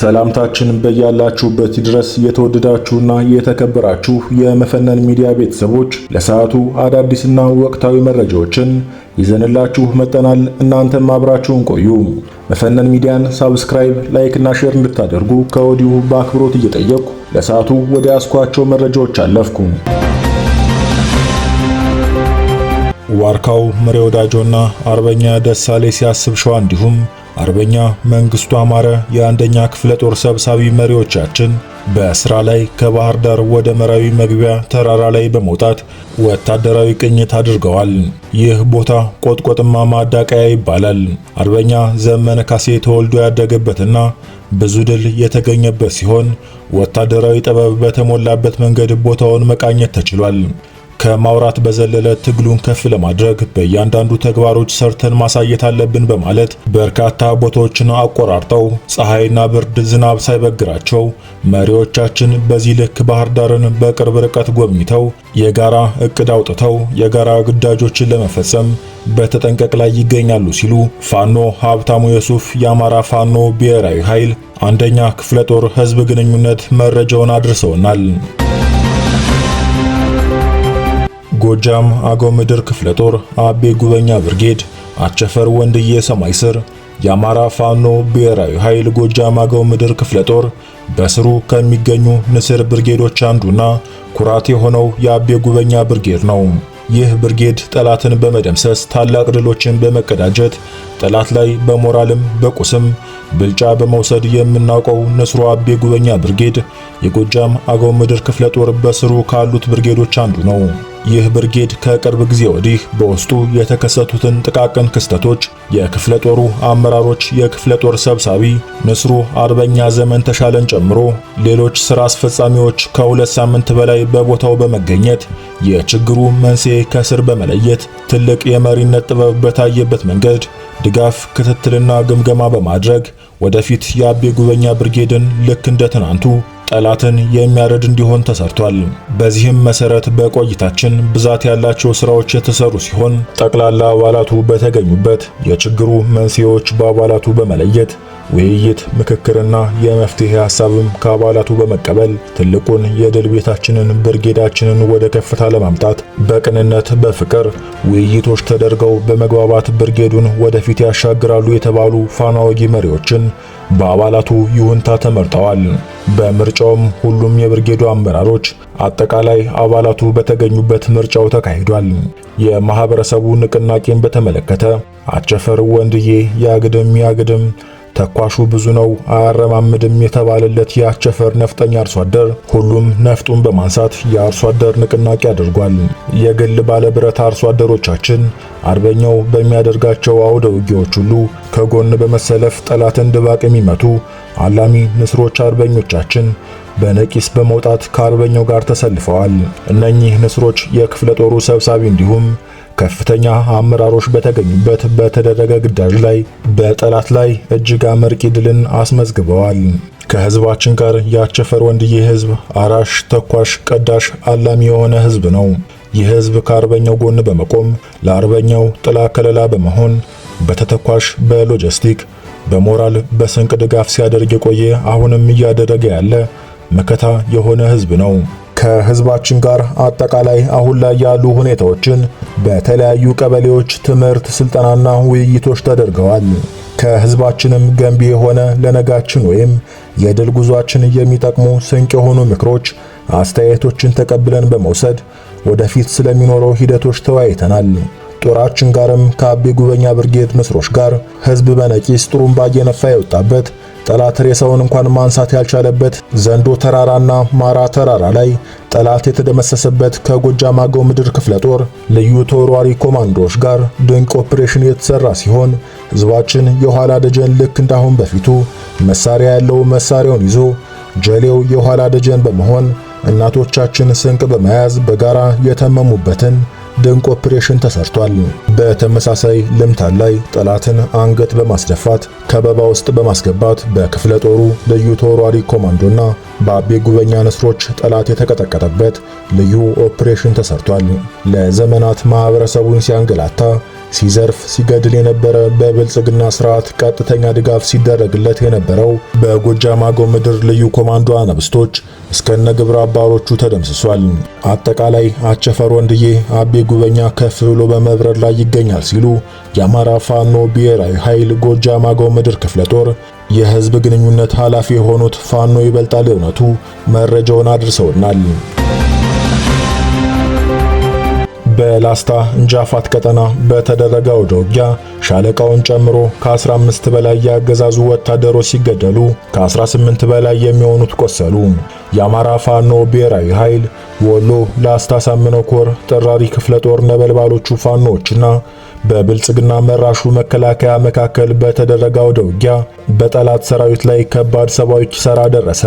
ሰላምታችን በያላችሁበት ድረስ የተወደዳችሁና የተከበራችሁ የመፈነን ሚዲያ ቤተሰቦች ለሰዓቱ አዳዲስና ወቅታዊ መረጃዎችን ይዘንላችሁ መጠናል። እናንተም አብራችሁን ቆዩ። መፈነን ሚዲያን ሳብስክራይብ፣ ላይክ እና ሼር እንድታደርጉ ከወዲሁ በአክብሮት እየጠየቅኩ ለሰዓቱ ወደ ያስኳቸው መረጃዎች አለፍኩ። ዋርካው ምሬ ወዳጆና አርበኛ ደሳሌ ሲያስብ ሸዋ እንዲሁም አርበኛ መንግስቱ አማረ የአንደኛ ክፍለ ጦር ሰብሳቢ መሪዎቻችን በስራ ላይ ከባህር ዳር ወደ መራዊ መግቢያ ተራራ ላይ በመውጣት ወታደራዊ ቅኝት አድርገዋል። ይህ ቦታ ቆጥቆጥማ ማዳቀያ ይባላል። አርበኛ ዘመነ ካሴ ተወልዶ ያደገበትና ብዙ ድል የተገኘበት ሲሆን ወታደራዊ ጥበብ በተሞላበት መንገድ ቦታውን መቃኘት ተችሏል። ከማውራት በዘለለ ትግሉን ከፍ ለማድረግ በእያንዳንዱ ተግባሮች ሰርተን ማሳየት አለብን በማለት በርካታ ቦታዎችን አቆራርጠው ፀሐይና ብርድ ዝናብ ሳይበግራቸው መሪዎቻችን በዚህ ልክ ባህር ዳርን በቅርብ ርቀት ጎብኝተው የጋራ እቅድ አውጥተው የጋራ ግዳጆችን ለመፈጸም በተጠንቀቅ ላይ ይገኛሉ ሲሉ ፋኖ ሀብታሙ የሱፍ የአማራ ፋኖ ብሔራዊ ኃይል አንደኛ ክፍለ ጦር ህዝብ ግንኙነት መረጃውን አድርሰውናል። ጎጃም አገው ምድር ክፍለ ጦር አቤ ጉበኛ ብርጌድ አቸፈር ወንድዬ ሰማይ ስር የአማራ ፋኖ ብሔራዊ ኃይል ጎጃም አገው ምድር ክፍለ ጦር በስሩ ከሚገኙ ንስር ብርጌዶች አንዱና ኩራት የሆነው የአቤ ጉበኛ ብርጌድ ነው። ይህ ብርጌድ ጠላትን በመደምሰስ ታላቅ ድሎችን በመቀዳጀት ጠላት ላይ በሞራልም በቁስም ብልጫ በመውሰድ የምናውቀው ንስሩ አቤ ጉበኛ ብርጌድ የጎጃም አገው ምድር ክፍለ ጦር በስሩ ካሉት ብርጌዶች አንዱ ነው። ይህ ብርጌድ ከቅርብ ጊዜ ወዲህ በውስጡ የተከሰቱትን ጥቃቅን ክስተቶች የክፍለ ጦሩ አመራሮች፣ የክፍለ ጦር ሰብሳቢ ንስሩ አርበኛ ዘመን ተሻለን ጨምሮ ሌሎች ስራ አስፈጻሚዎች ከሁለት ሳምንት በላይ በቦታው በመገኘት የችግሩ መንስኤ ከስር በመለየት ትልቅ የመሪነት ጥበብ በታየበት መንገድ ድጋፍ፣ ክትትልና ግምገማ በማድረግ ወደፊት የአቤ ጉበኛ ብርጌድን ልክ እንደ ትናንቱ ጠላትን የሚያረድ እንዲሆን ተሰርቷል። በዚህም መሰረት በቆይታችን ብዛት ያላቸው ስራዎች የተሰሩ ሲሆን ጠቅላላ አባላቱ በተገኙበት የችግሩ መንስኤዎች በአባላቱ በመለየት ውይይት፣ ምክክርና የመፍትሄ ሐሳብም ከአባላቱ በመቀበል ትልቁን የድል ቤታችንን ብርጌዳችንን ወደ ከፍታ ለማምጣት በቅንነት በፍቅር ውይይቶች ተደርገው በመግባባት ብርጌዱን ወደፊት ያሻግራሉ የተባሉ ፋናዎጊ መሪዎችን በአባላቱ ይሁንታ ተመርጠዋል። በምርጫውም ሁሉም የብርጌዱ አመራሮች አጠቃላይ አባላቱ በተገኙበት ምርጫው ተካሂዷል። የማህበረሰቡ ንቅናቄን በተመለከተ አቸፈር ወንድዬ ያግድም ያግድም ተኳሹ ብዙ ነው አያረማምድም የተባለለት ያቸፈር ነፍጠኛ አርሶ አደር ሁሉም ነፍጡን በማንሳት የአርሶ አደር ንቅናቄ አድርጓል። የግል ባለብረት አርሶ አደሮቻችን አርበኛው በሚያደርጋቸው አውደ ውጊያዎች ሁሉ ከጎን በመሰለፍ ጠላትን ድባቅ የሚመቱ አላሚ ንስሮች አርበኞቻችን በነቂስ በመውጣት ከአርበኛው ጋር ተሰልፈዋል። እነኚህ ንስሮች የክፍለ ጦሩ ሰብሳቢ እንዲሁም ከፍተኛ አመራሮች በተገኙበት በተደረገ ግዳጅ ላይ በጠላት ላይ እጅግ አመርቂ ድልን አስመዝግበዋል። ከህዝባችን ጋር ያቸፈር ወንድዬ ህዝብ አራሽ፣ ተኳሽ፣ ቀዳሽ፣ አላሚ የሆነ ህዝብ ነው። ይህ ህዝብ ከአርበኛው ጎን በመቆም ለአርበኛው ጥላ ከለላ በመሆን በተተኳሽ፣ በሎጂስቲክ፣ በሞራል፣ በስንቅ ድጋፍ ሲያደርግ የቆየ አሁንም እያደረገ ያለ መከታ የሆነ ህዝብ ነው። ከህዝባችን ጋር አጠቃላይ አሁን ላይ ያሉ ሁኔታዎችን በተለያዩ ቀበሌዎች ትምህርት፣ ስልጠናና ውይይቶች ተደርገዋል። ከህዝባችንም ገንቢ የሆነ ለነጋችን ወይም የድል ጉዟችን የሚጠቅሙ ስንቅ የሆኑ ምክሮች፣ አስተያየቶችን ተቀብለን በመውሰድ ወደፊት ስለሚኖረው ሂደቶች ተወያይተናል። ጦራችን ጋርም ከአቤ ጉበኛ ብርጌድ ንስሮች ጋር ህዝብ በነቂስ ጥሩምባ እየነፋ የወጣበት ጠላት ሬሳውን እንኳን ማንሳት ያልቻለበት ዘንዶ ተራራና ማራ ተራራ ላይ ጠላት የተደመሰሰበት ከጎጃም አገው ምድር ክፍለ ጦር ልዩ ተወርዋሪ ኮማንዶዎች ጋር ድንቅ ኦፕሬሽን የተሰራ ሲሆን ህዝባችን የኋላ ደጀን ልክ እንዳሁን በፊቱ መሳሪያ ያለው መሳሪያውን ይዞ ጀሌው የኋላ ደጀን በመሆን እናቶቻችን ስንቅ በመያዝ በጋራ የተመሙበትን ድንቅ ኦፕሬሽን ተሰርቷል። በተመሳሳይ ልምታን ላይ ጠላትን አንገት በማስደፋት ከበባ ውስጥ በማስገባት በክፍለ ጦሩ ልዩ ተወራሪ ኮማንዶና በአቤ ጉበኛ ንስሮች ጠላት የተቀጠቀጠበት ልዩ ኦፕሬሽን ተሰርቷል። ለዘመናት ማህበረሰቡን ሲያንገላታ ሲዘርፍ፣ ሲገድል የነበረ በብልጽግና ስርዓት ቀጥተኛ ድጋፍ ሲደረግለት የነበረው በጎጃም አገው ምድር ልዩ ኮማንዶ አናብስቶች እስከነ ግብረ አባሮቹ ተደምስሷል። አጠቃላይ አቸፈር ወንድዬ አቤ ጉበኛ ከፍ ብሎ በመብረር ላይ ይገኛል ሲሉ የአማራ ፋኖ ብሔራዊ ኃይል ጎጃም አገው ምድር ክፍለ ጦር የህዝብ ግንኙነት ኃላፊ የሆኑት ፋኖ ይበልጣል እውነቱ መረጃውን አድርሰውናል። በላስታ እንጃፋት ቀጠና በተደረገው ውጊያ ሻለቃውን ጨምሮ ከ15 በላይ ያገዛዙ ወታደሮች ሲገደሉ ከ18 በላይ የሚሆኑት ቆሰሉ። የአማራ ፋኖ ብሔራዊ ኃይል ወሎ ላስታ ሳምነው ኮር ጥራሪ ክፍለ ጦር ነበልባሎቹ ፋኖዎችና በብልጽግና መራሹ መከላከያ መካከል በተደረገ አውደ ውጊያ በጠላት ሰራዊት ላይ ከባድ ሰብአዊ ኪሳራ ደረሰ።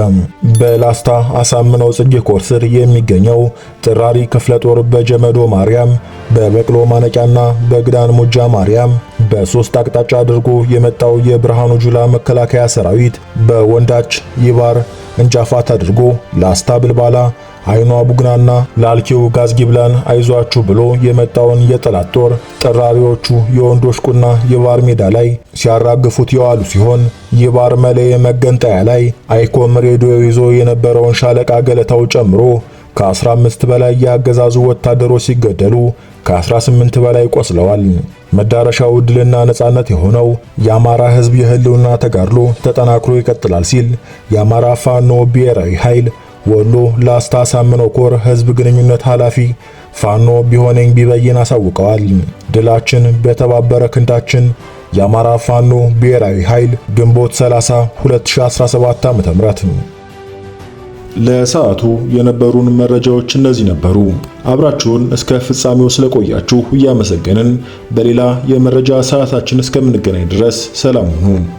በላስታ አሳምነው ጽጌ ኮር ስር የሚገኘው ጥራሪ ክፍለ ጦር በጀመዶ ማርያም፣ በበቅሎ ማነቂያና በግዳን ሙጃ ማርያም በሶስት አቅጣጫ አድርጎ የመጣው የብርሃኑ ጁላ መከላከያ ሰራዊት በወንዳች ይባር እንጃፋት አድርጎ ላስታ ብልባላ አይኗ ቡግናና ላልኪው ጋዝጊብላን አይዟችሁ ብሎ የመጣውን የጠላት ጦር ጠራሪዎቹ የወንዶች ቁና የባር ሜዳ ላይ ሲያራግፉት የዋሉ ሲሆን የባር መለየ መገንጠያ ላይ አይኮም ሬዲዮ ይዞ የነበረውን ሻለቃ ገለታው ጨምሮ ከ15 በላይ የአገዛዙ ወታደሮች ሲገደሉ ከ18 በላይ ቆስለዋል። መዳረሻው ድልና ነጻነት የሆነው የአማራ ሕዝብ የህልውና ተጋድሎ ተጠናክሮ ይቀጥላል ሲል የአማራ ፋኖ ብሔራዊ ኃይል ወሎ ላስታ ሳምነው ኮር ህዝብ ግንኙነት ኃላፊ ፋኖ ቢሆነኝ ቢበይን አሳውቀዋል። ድላችን በተባበረ ክንዳችን። የአማራ ፋኖ ብሔራዊ ኃይል ግንቦት 30 2017 ዓ.ም። ለሰዓቱ የነበሩን መረጃዎች እነዚህ ነበሩ። አብራችሁን እስከ ፍጻሜው ስለቆያችሁ እያመሰገንን በሌላ የመረጃ ሰዓታችን እስከምንገናኝ ድረስ ሰላም ሁኑ።